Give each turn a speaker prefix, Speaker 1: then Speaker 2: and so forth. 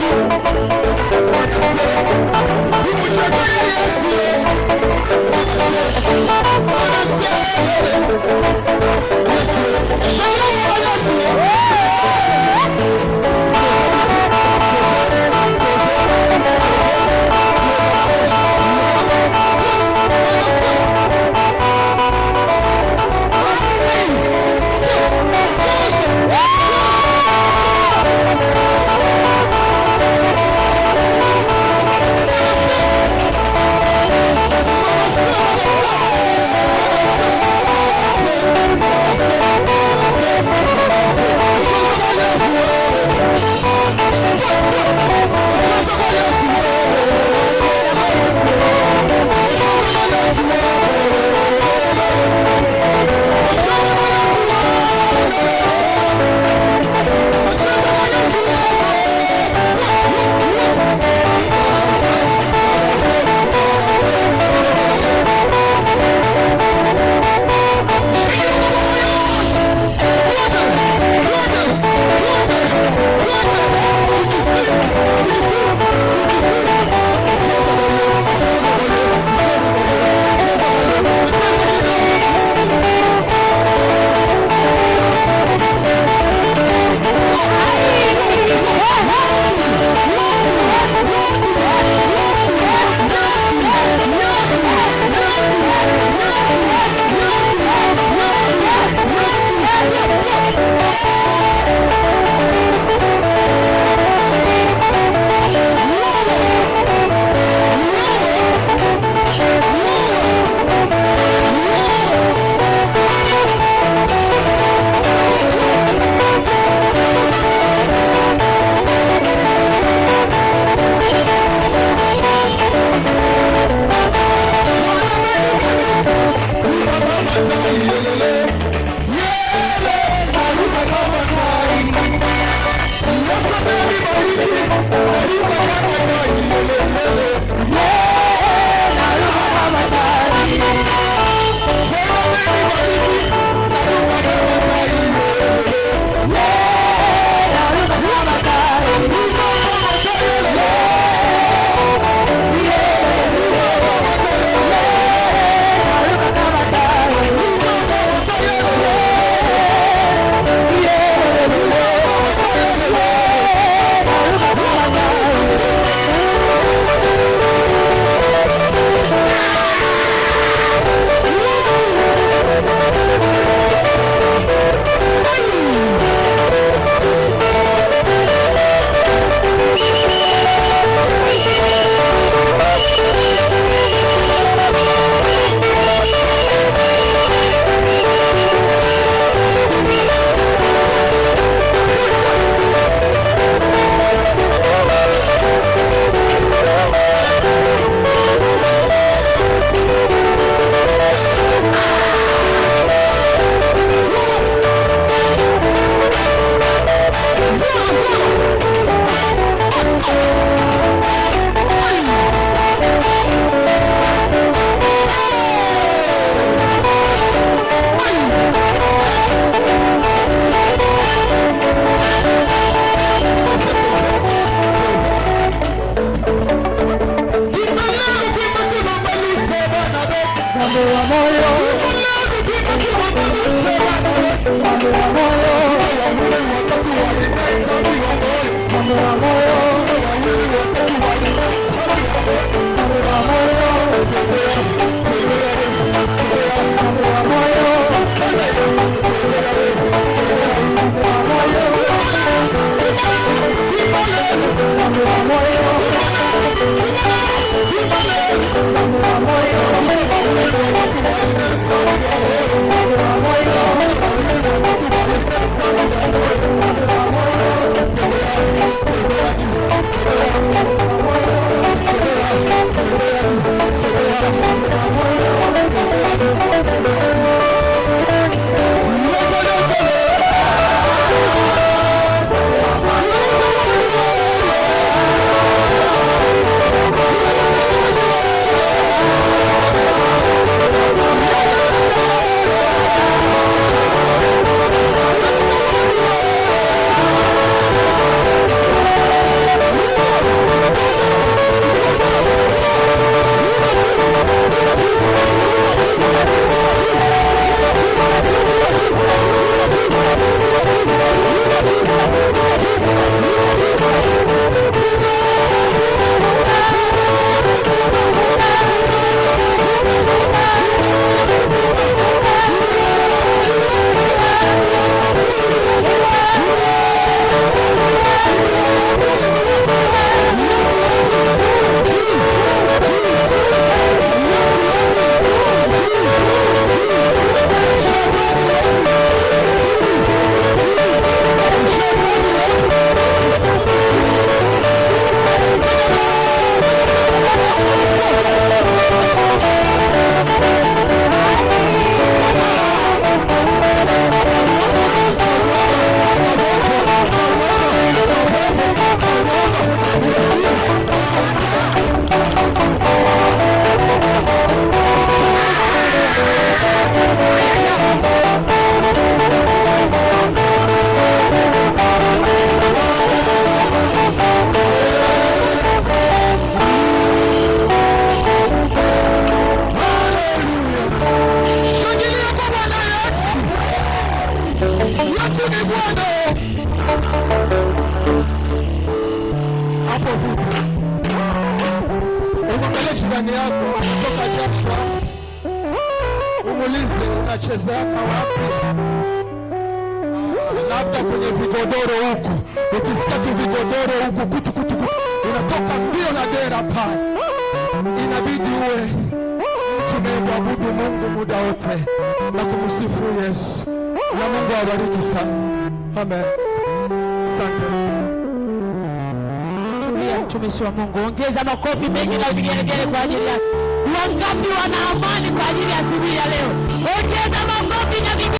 Speaker 1: Yeah. One more
Speaker 2: ndani yako anatoka jasho, umuulize unachezeka wapi? Labda kwenye vigodoro huku, ukisikia tu vigodoro huku kutu, unatoka mbio na dera pale. Inabidi uwe mtu budu Mungu muda wote na kumsifu Yesu, na Mungu awabariki sana. Amen, asante mtumishi wa Mungu. Ongeza makofi mengi na vigelegele kwa ajili ya wangapi, wana amani kwa ajili ya siku ya leo. Ongeza makofi na